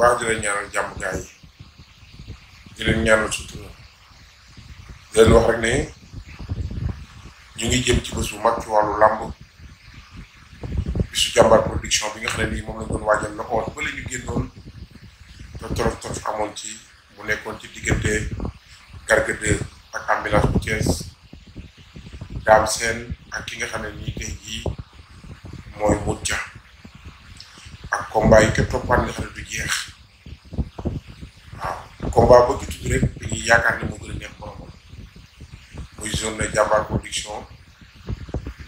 baax di leen ñaanal jàmm gaay yi di leen ñaanal sutura di leen wax rek ne ñu ngi jëm ci bés bu mag ci wàllu làmb bisu jàmbaar production bi nga xam ne nii moom lañ doon waajal la ko bële ñu génnoon te torof torof amoon ci mu nekkoon ci diggante garga de ak ambulance bu Thiès daam seen ak ki nga xam ne nii tey jii mooy mujja ak combat yi ke toppaat nga xam ne du jeex combat ba ki tudd rek dañuy yaakaar ni moo gën a neex boromam muy journée jàmbaar production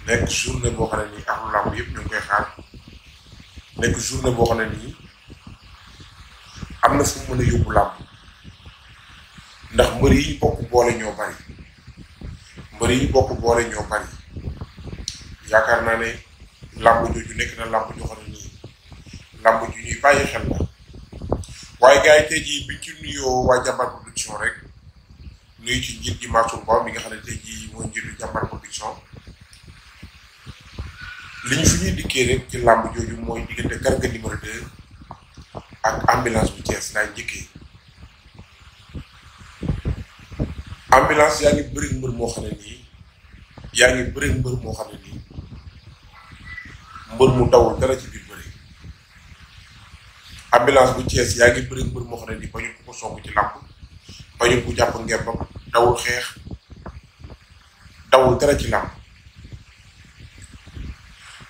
nekk journée boo xam ne nii amul làmb yëpp ñu ngi koy xaar nekk journée boo nii am na fu mu mën a yóbbu làmb ndax mbër yi na ne nii làmb ju ñuy bàyyi xel la waaye gars yi tey jii biñ ci nuyoo waa jàmbar production rek nuyu ci njiit ji Mansour Ba mi nga xam ne tey jii mooy njiitu jàmbar production li ñu fi ñuy dikkee rek ci làmb jooju mooy diggante garga numéro 2 ak ambulance bu Thiès laay njëkkee ambulance yaa ngi bëri mbër moo xam ne nii yaa ngi bëri mbër moo xam ne nii mbër mu dawul dara ci biir ambulance bu ties yaa ngi bëri mbër moo xam ne bañu ko soogu ci lamp bañu ko jàpp ngembam dawul xeex dawul dara ci lamp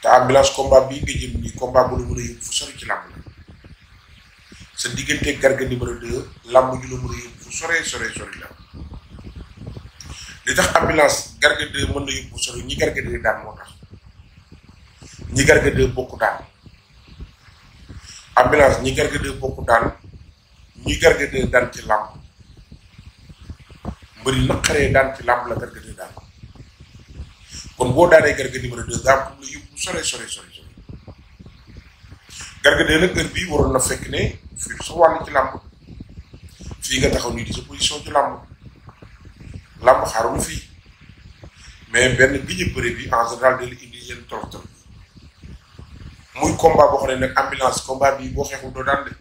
te ambulance combat bi nga jëm ni combat bu lu mën a fu sori ci lamp la sa diggante garga numéro 2 làmb ju lu mën a fu sore sore sori la li tax ambulance garga 2 mën na yóbbu sori ñi garga 2 daan moo tax ñi garga 2 bokku daan ambulance ñi Garga 2 bokk daan ñi Garga 2 ci làmb mbëri naqaree daan ci làmb la Garga 2 kon boo daanee Garga numéro 2 gaa pour la yóbbu sore sore bii waroon na fekk ne fii du sa wàll ci làmb fii nga taxaw nii di sa position ci làmb làmb xaarul fii mais benn bi ñu bëre bi en général day indi yenn torof torof muy combat bo xone ne ambulance combat bi bo xexu do dal de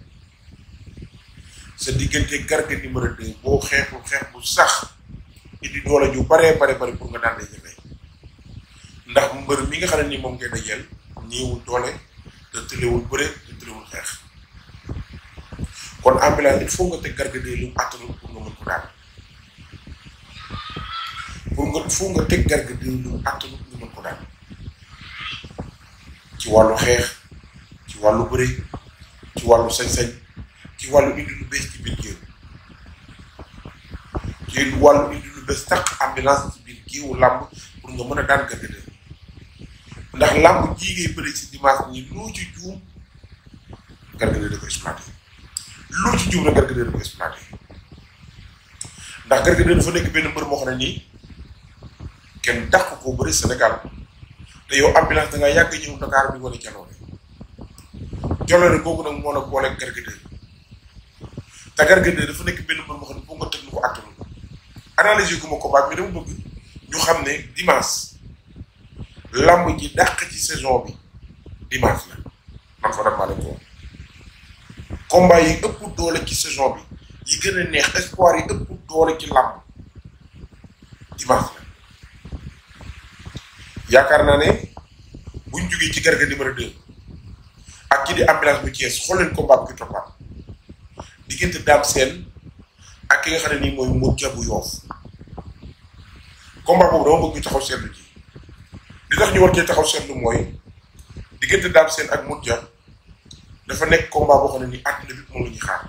sa diggante garga numéro 2 bo xexu xex bu sax indi la ju bare bare bare pour nga dal de jëfee ndax mbeur mi nga xam ne ni moom ngeen a jël ñiwul doole te tëlewul bëre te tëlewul xex kon ambulance il faut nga te garga de lu attanul pour nga mën ko dal pour nga fu nga te garga de lu attanul ci wàllu xeex ci wàllu bëre ci wàllu sañ ci wàllu indi lu bees ci biir géew ci wàllu indi lu bees tax ci biir géewu làmb pour nga mën a daan gën ndax làmb ji ngay bëri si dimanche ni loo ci juum Garga 2 da ko exploité loo ci juum na Garga ko exploité ndax Garga 2 nekk benn mbër moo xam ne nii kenn dàq ko bëri Sénégal te yow ambulance da nga yàgg ñëw Dakar bi wala jaloore jaloore boobu nag moo la booleeg gargaare te gargaare dafa nekk benn moo xam boo nga tënk ko attanul analyse gu ma ko baat mi dama bëgg ñu xam ne dimanche lamb ji dàq ci saison bi dimanche la man fa dama la ko combat yi ëpp doole ci saison bi yi gën a neex espoir yi ëpp doole ci lamb dimanche la. yaakaar naa ne buñ jugee ci garga numéro 2 ak ki di ambulance bu Thiès xooleen combat bu ki toppaat diggante daam seen ak ki nga xam ne nii mooy mu jabu yoof combat boobu dama bëgg ñu taxaw seetlu ji li tax ñu war cee taxaw seetlu mooy diggante daam seen ak mu jab dafa nekk combat boo xam ne nii àdduna bi moom la ñuy xaar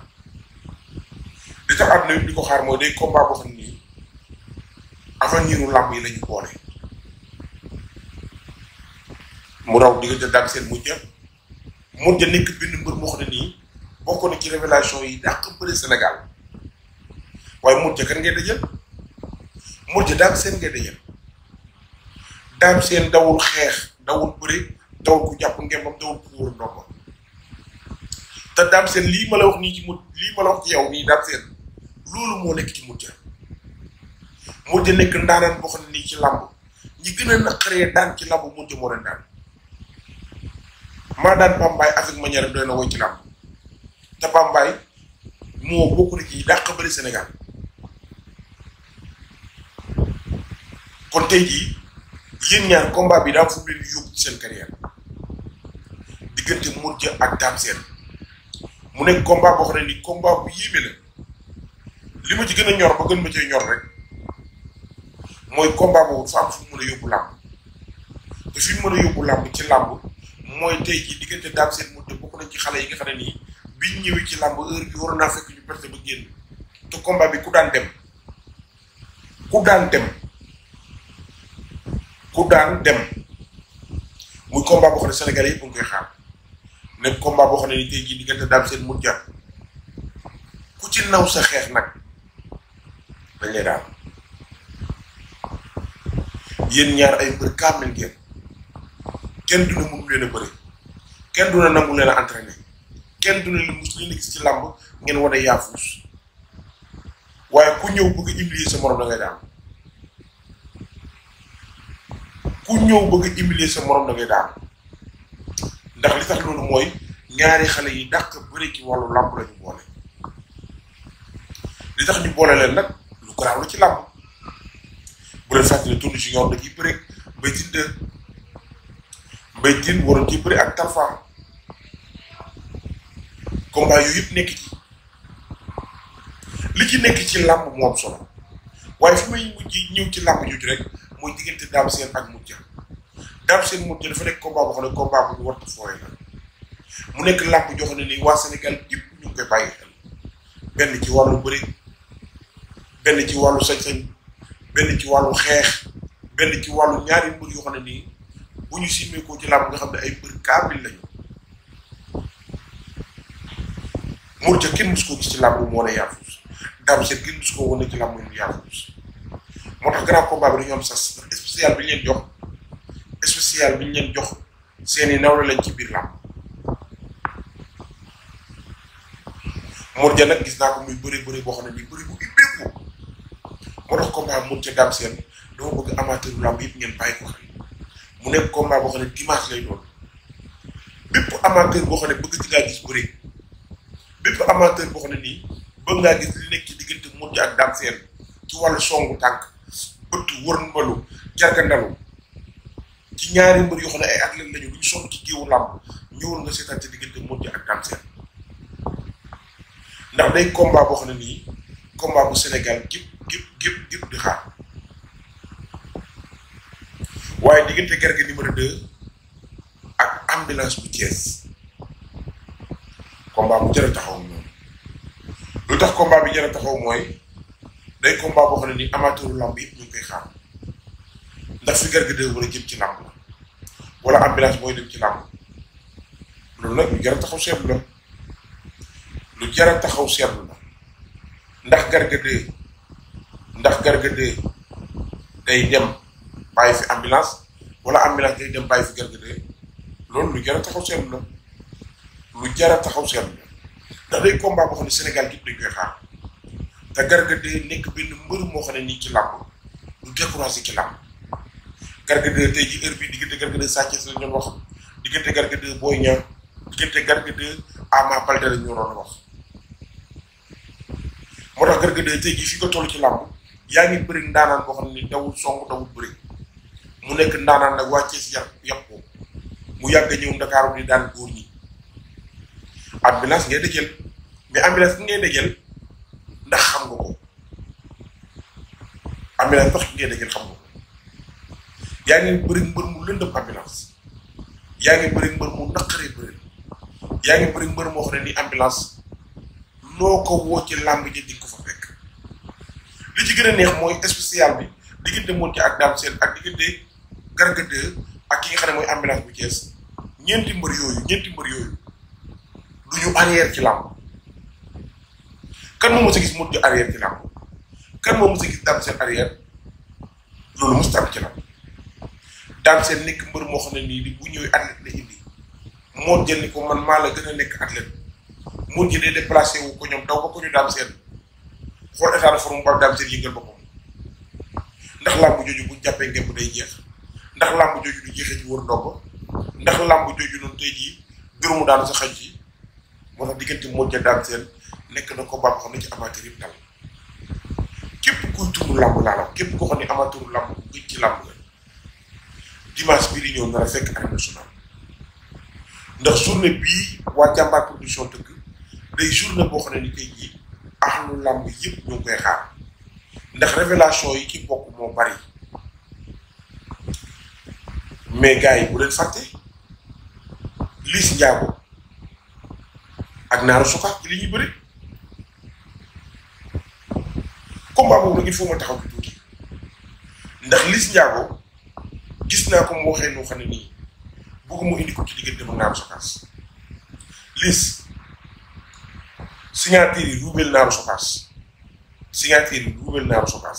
li tax àdduna bi di ko xaar mooy day combat boo xam ne nii ñu lamb yi lañu boole mu raw diggante daan seen mujjë mujjë nekk bind mbër moo xam ne nii bokk na ci révélation yi dàq bëri Sénégal waaye mujjë kan ngay dajal mujjë daan seen ngay dajal daan seen dawul xeex dawul bëri dawul ku jàpp ngembam dawul ku wóor ndomba te daan seen lii ma la wax nii ci mujj lii ma la wax ci yow nii daan seen loolu moo lekk ci mujj mujjë nekk ndaanaan boo xam ne nii ci làmb ñi gën a naqaree daan ci làmb mujjë moo leen daan maa daan Pambaay avec manière doy na woy ci làmb te Pambaay moo bokk na ci dàq bëri Sénégal kon tey jii yéen ñaar combat bi daa fub leen yóbbu seen carrière diggante Modou Dia ak Dame Sène mu nekk combat boo xam ne ni combat bu yéeme la li ma ci gën a ñor ba gën ma cee ñor rek mooy combat boobu dafa am mu mën a yóbbu làmb te fi mu mën yóbbu làmb ci làmb mooy tey jii diggante daam seen mujj bokk nañ ci xale yi nga xam ne nii biñ ñëwee ci làmb heure bi waroon naa fekk ñu perte ba génn te combat bi ku daan dem ku daan dem ku daan dem muy combat boo xam ne Sénégalais yëpp a ngi koy xaar nekk combat boo xam ne nii tey jii diggante daam seen mujj ku ci naw sa xeex nag dañ yéen ñaar ay mbër kaamel ngeen. kenn du ne mënu leen a bëri kenn du ne nangu leen a entraîné kenn du ne li mus li gis ci làmb ngeen war a waaye ku ñëw bëgg humilier sa morom da ngay daan ku ñëw bëgg humilier sa morom ndax li tax loolu mooy ñaari xale yi dàq bëri ci wàllu làmb lañu boole li tax ñu boole leen nag lu garaaw la ci làmb bu leen fàttali tourne junior da ciy bëri bay tinde Mbaye waroon ci bëri ak Talfa combat yu yëpp nek ci li ci nek ci lamb mo am solo waaye fu may mujj ñew ci làmb jooju rek moy digënté daam seen ak mujj daam seen mujj dafa nek combat boo xam combat bu ñu war a fooyee la mu nek lamb joxone ni wa senegal waa ñu koy bayyi ben ci walu bari ben ci walu sañ-sañ ben ci walu xex ben ci walu ñaari mbir yu xone ni bu ñu simmeekoo ci làmb nga xam ne ay mbër kaamil lañu Mourja kenn mus koo gis ci làmb mu wane moo tax grand combat bi dañoo am sas ndax spécial bi lañ ci biir làmb Mourja nag gis ko muy bëri moo tax combat Mourja Dame Sène dama bëgg amateur làmb yëpp ngeen bàyyi ko xel mu nekk combat boo xam ne dimanche lay doon bépp amateur boo xam ne bëgg ngaa gis bëre bépp amateur boo xam ne nii bëgg ngaa gis li nekk ci diggante Modou ak Dame ci wàllu songu tànk bët wërmbalu jargandalu ci ñaari mbër yoo ne ay athlètes lañu duñu sonn ci géewu làmb ñëwul nga seetaan ci diggante ndax day combat boo xam ne nii combat bu Sénégal gépp gépp gépp di xaar waaye diggante ker gi numéro deux ak ambulance bu Thiès combat bu jar a taxaw noonu lu tax combat bi jar a taxaw mooy day combat boo xam ne ni amateuru lamb yëpp ñu koy xaar ndax fi ker gi deux wala jëm ci lamb wala ambulance mooy dem ci lamb loolu nag lu jar a taxaw seetlu la lu jar a taxaw seetlu la ndax garga dee ndax garga dee day dem bàyyi fi ambulance wala ambulance ngay dem bàyyi fi gargade loolu lu jar a taxaw seetlu la lu jar a taxaw seetlu la ndax day combat boo xam ne Sénégal gépp dañ koy xaar te gargade nekk benn mbër moo xam ne nii ci lamb lu découragé ci lamb làmb gargade tey ji heure bi diggante gargade sàcce si la doon wax diggante gargade booy ñaar diggante gargade Ama balde la ñu waroon wax moo tax gargade tey ji fi nga toll ci lamb yaa ngi bëri ndaanaan boo xam ne dawul song dawul bëri mu nek ndaanaan nak wacce ci yapp yàqu mu yag ñëw ndakaaru di dan goor ñi ambulance ngay dëjël mais ambulance bi ngay dëjël ndax xam nga ko ambulance tax ngay dëjël xam nga ya yaa ngi bëri mbër mu lende ambulance ya ngi bari mbeur mu naqaree bari ya ngi bari mbeur mo xone ni ambulance loo wo ci lamb ji di ko fa fek li ci gëna neex moy spécial bi mo ci ak dam seen ak diggante garga 2 ak ki nga xam ne mooy ambulance bu Thiès ñeenti mbër yooyu ñeenti mbër yooyu du ñu arrière ci làmb kan moo mos a gis mu di arrière ci làmb kan moo mos a gis dam seen arrière loolu mos tam ci làmb dam seen nekk mbër moo xam ne nii di bu ñëwee atlet la indi moo jël ni ko man maa la gën a nekk athlète mu ji day déplacé wu ko ñoom daw ko ko ñu dam seen xool état de forme ba dam seen yëngal boppam ndax làmb jooju bu jàppee ngeen bu day jeex ndax làmb jooju du jeexee ci wër ndomb ndax làmb jooju noonu tey jii juróomu daanu yi moo tax diggante Modou daan seen nekk na ko baax xam ne ci amateur yi dal képp kuy turu làmb laa la ne ci la dimanche bii di ñëw nar a fekk arène nationale ndax journée bii waa jàmbaar production dëkk day journée boo xam ne ni tey jii axlu làmb yëpp ñu koy xaar ndax révélation yi ci bokk moo bari mais gars yi bu leen fàtte Liss Ndiago ak Naaru Soka ci li ñuy bëri combat boobu nag il faut taxaw ci tuuti ndax Liss Ndiago gis naa ko mu waxee xam ne nii bëgg mu indi ko ci diggante mu Naaru Soka Liss signature yi ruubeel Naaru Soka signature yi ruubeel Naaru Soka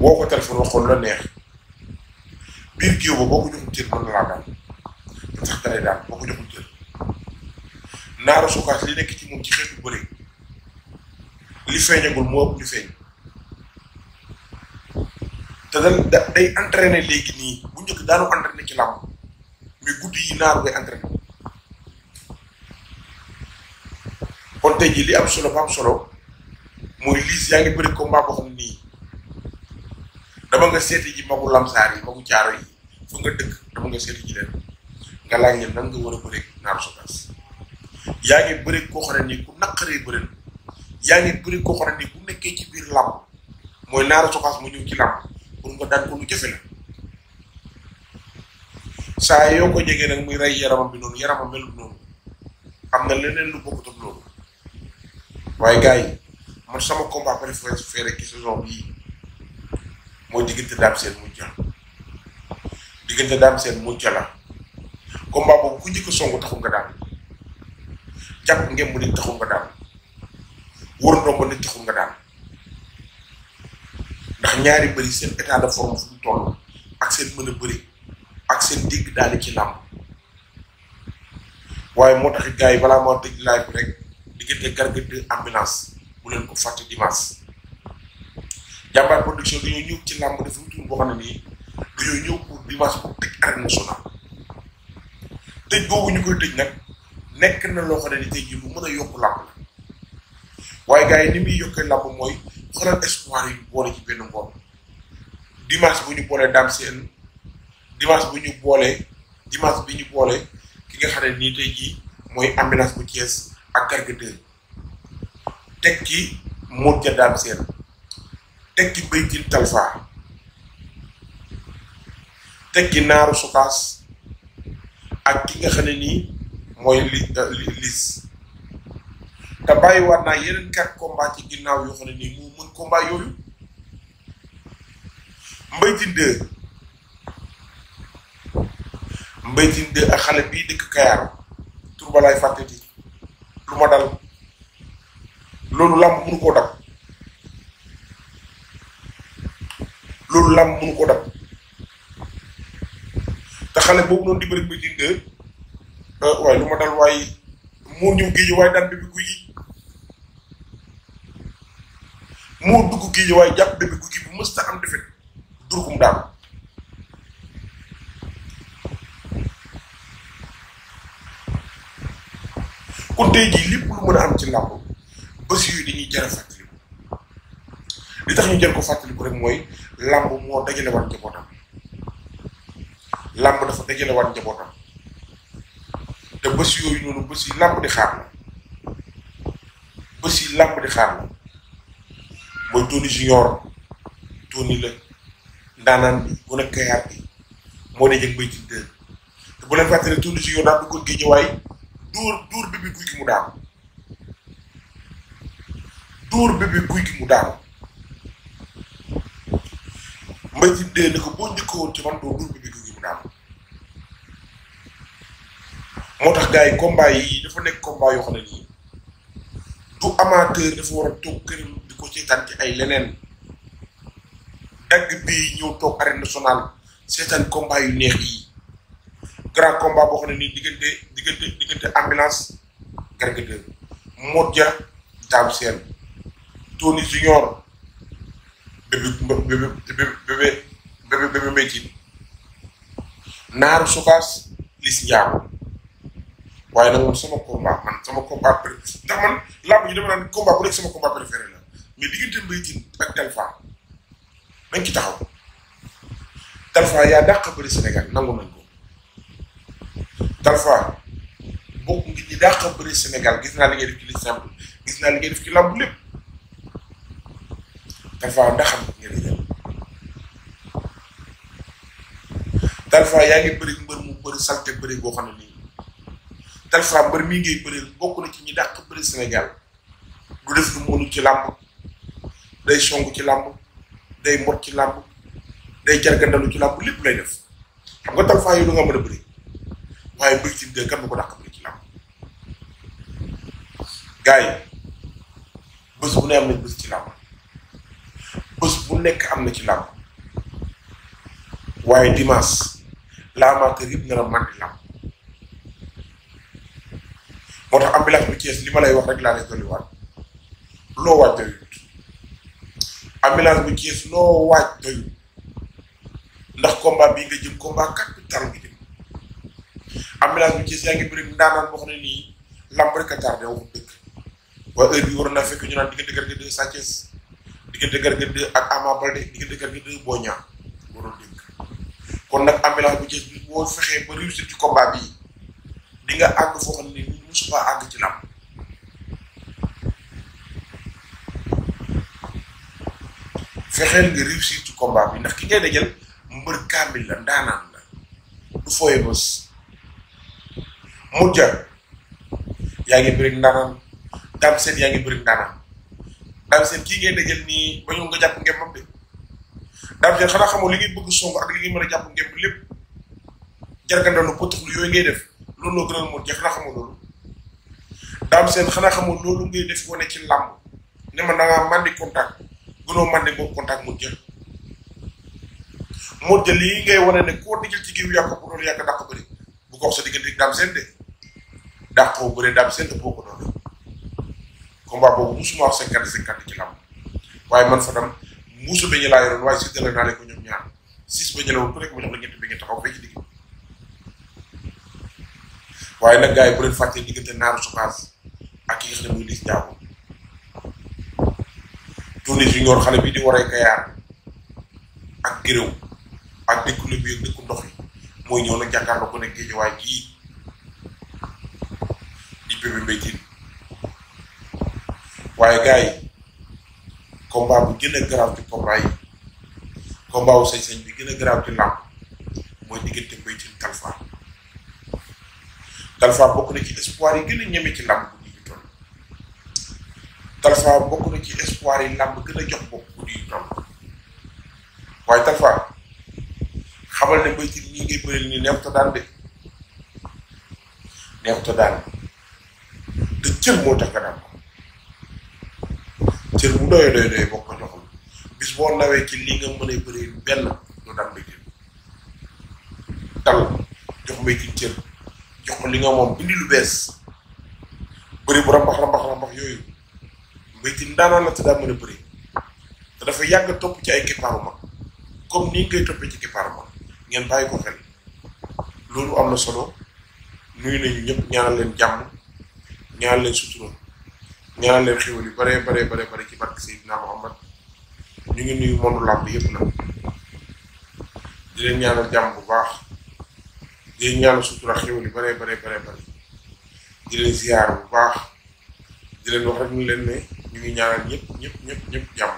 woo ko téléphone waxoon la neex. biir géew ba boo ko joxul cër mën na laa daan mën sax dalay daan boo ko joxul cër li nekk ci moom ci xeetu bëri li feeñagul moo ëpp li feeñ te dal day entraîner bu daanu entraîner ci guddi yi ngay entraîner kon ji li am solo am solo mooy liis yaa ngi combat dama nga seeti ji magu lamsaar yi magu caaro yi fu nga dëkk dama nga seeti ji leen nga laaj leen nan nga war a bëri naaru sokaas yaa ngi bëri koo xam nii ku naqaree bëri yaa ngi bëri koo xam nii bu nekkee ci biir làmb mooy naaru sokaas mu ñëw ci làmb pour nga daan ko lu jafe la saa yoo ko jegee nag muy rey yaramam bi noonu yaramam melul noonu am na leneen lu bokkut ak loolu waaye gars yi man sama combat préféré fee rek ci saison bii. mooy diggante daam seen mujj diggante daam seen mujj la combat boobu ku jëkk songu taxul nga daal jàpp ngeen mu nit taxul nga daal nga daal ñaari bëri seen état de forme fu mu toll ak seen waaye moo tax gars yi balaa moo tëj live rek diggante Garga 2 ambulance bu leen ko fàtt dimanche. jambar production dañu ñëw ci lamb def retour boo xam ne nii dañoo ñëw pour dimanche pour tëj arène nationale tej gogu ñu koy tëj nag nekk na lo xamni tej yi mu mëna yok lamb way gaay ni mi yokay lamb moy xolal espoir yi boole ci benn ngor dimanche bu ñu boolee dam sen dimanche bu ñu boolee dimanche bi ñu boolee ki nga xam ni nii tey moy ambulance bu Thiès ak gargateur teg ci Modja dam sen tekki baytil talfa tekki naaru sukaas ak ki nga xam nii mooy li euh, lis te bàyyi war naa yeneen quatre ci ginnaaw yoo xam nii mu mën combat yooyu mbaytin deux mbaytin deux ak xale bii dëkk Kayaar tur ba laay fàtteti lu ma dal loolu làmb mënu koo dab loolu lam mënu ko dab ta xale bobu non di ko jinde euh ah, way luma dal way dal ñu gi ñu way waaye bi bébé yi gi moo gi ñu way japp bi guy gi bu musta am defet durkum daanu kon tey jii lepp lu mën am ci làmb bés yu di ñi a fàtte li tax ñu jël ko fàttaliku rek mooy làmb moo dajale waat njabootam làmb dafa dajale waat njabootam te bés yooyu noonu bés yi làmb di xaar la bés yi làmb di xaar la mooy Tony Junior Tony la ndaanaan bi bu nekk Kayaar bi moo dee jëg bay ci te bu leen fàttali Tony Junior daal du ko géejewaay dóor dóor bi bi guy gi mu daanu dóor bi guy gi mu daanu mbay ci dee ni ko boo njëkkoon ci man doo dund bi ko gi mu naan moo tax gars yi combat yi dafa nekk combat yoo xam nii du amateur dafa war a toog këram di ko seetaan ci ay leneen dagg bi ñëw toog arène nationale seetaan combat yu neex yi grand combat boo xam nii diggante diggante diggante ambulance gargaare Modja Dame Sène Tony Junior. bébé bébé bébé bébé bébé métier naaru sukaas lis njaago waaye nag man sama combat man sama combat préféré ndax man làmb ji dama naan combat bu nekk sama combat préféré la mais diggante Mbaye Tine ak Talfa nañ ci taxaw Talfa yaa dàq bëri Sénégal nangu nañ ko Talfa bokk ngi ñi dàq bëri Sénégal gis naa li ngay def ci li simple gis naa li ngay def ci làmb lépp parfois ndax xam nga yaa ngi bëri mbër mu bëri salte bëri boo xam ne nii parfois mbër mii ngay bëri bokk na ci ñi dàq bëri Sénégal du def lu mënu ci làmb day song ci làmb day mot ci làmb day jargandalu ci làmb lépp lay def xam nga parfois yow da nga mën a bëri waaye mbër ci biir kan nga ko dàq bëri ci làmb gars yi bu ne am nañ bés ci làmb. nekk am na ci làmb waaye dimanche rib na la a màndi làmb moo tax ambulance bu Thiès li ma lay wax rek laa lay doli dolliwaat loo waaj doyut ambulance bu Thiès loo waaj doyut ndax combat bi nga jëm combat capital nga jëm ambulance bu Thiès yaa ngi bëri ndaanaan boo xam ne nii làmb rek a tardé wu dëkk waaye heure bi war naa fekk ñu naan diggante gerte de Sa Thiès diggante gar gëdd ak amabal balde diggante gar gëdd boña waro deg kon nak ambulance bu ci bo fexé ba réussir ci combat bi di nga ag fo xamni musu fa ag ci lam fexé nga réussir ci combat bi ndax ki ngay dajal mbeur kamil la ndanan la du foye mu ja yaangi bëri ndanam dam set yaangi bëri ndanam daal seen kii ngay dajal nii ba nga jàpp ngeen moom de daal seen xanaa xamoo li ngay bëgg songu ak li ngay jàpp ngeen lépp jargandalu potuxlu yooyu def loolu loo gënal moom jeex xanaa xamoo loolu daal seen xanaa xamoo loolu ngay def wane ci làmb ne ma dangaa mandi contact gënoo mandi boobu contact mu jël moo jël lii ngay wone ne koo digal ci géew yàq ko loolu yàgg dàq bëri bu ko wax sa diggante daam seen de dàqoo bëri daam seen de boo ko doon combat boobu ma wax cinquante cinquante ci lamb waaye man fa musu bi ñu laa yoroon waaye séddale naa leen ko ñoom ñaar six beñu la woon ku nekk ma jox la ñetti taxaw fee ci digg waaye nag gars yi bu leen fàttee diggante naaru sokaas ak yi xam muy liis jaabu tourné junior xale bi di waree kayaar ak géréw ak dëkku lu bi ak ndox yi mooy ñëw nag jàkkaarloo ko nekk géej di bébé mbéytiin waaye gars yi combat bu gën a garaaw ci combat yi combat sañ-sañ bi gën a garaaw ci làmb mooy diggante Mbaye Tine Talfa bokk na ci espoir yi gën a ñeme ci làmb bu ñu toll Talfa bokk na ci espoir yi làmb gën a jox bopp bu ñu toll waaye Talfa xamal ne Mbaye Tine ngay bëril nii neexut a de neexut a daan cër moo tax nga cër bu doyoo doy doy bokk na xam bis boo nawee ci lii nga mën a bëri benn lu dam bi jël jox may cër jox li nga moom indi lu bees bëri bu rambax rambax rambax yooyu mbay ci ndaanaan la mën a bëri te dafa yàgg topp ci ay kippaaru mag comme ni ngay toppee ci kippaaru mag ngeen bàyyi ko xel loolu am na solo nuyu nañu ñëpp ñaanal leen jàmm ñaanal leen sutura ñaanal leen xéwal yu bare bare bare bare ci barke Seydina Muhammad ñu ngi nuyu monde làmb yëpp nag di ñaanal jàmm bu baax di leen ñaanal sutura yu bare bare bare bare di bu baax di leen wax ñu leen ne ñu ngi ñaanal ñëpp ñëpp ñëpp ñëpp jàmm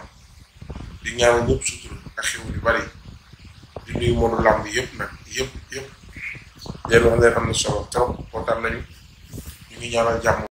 di ñaanal ñëpp sutura ak xéwal bare di nuyu monde làmb yépp nag yépp yépp di leen wax ne am na solo trop kontaan nañu ñu ngi ñaanal jàmm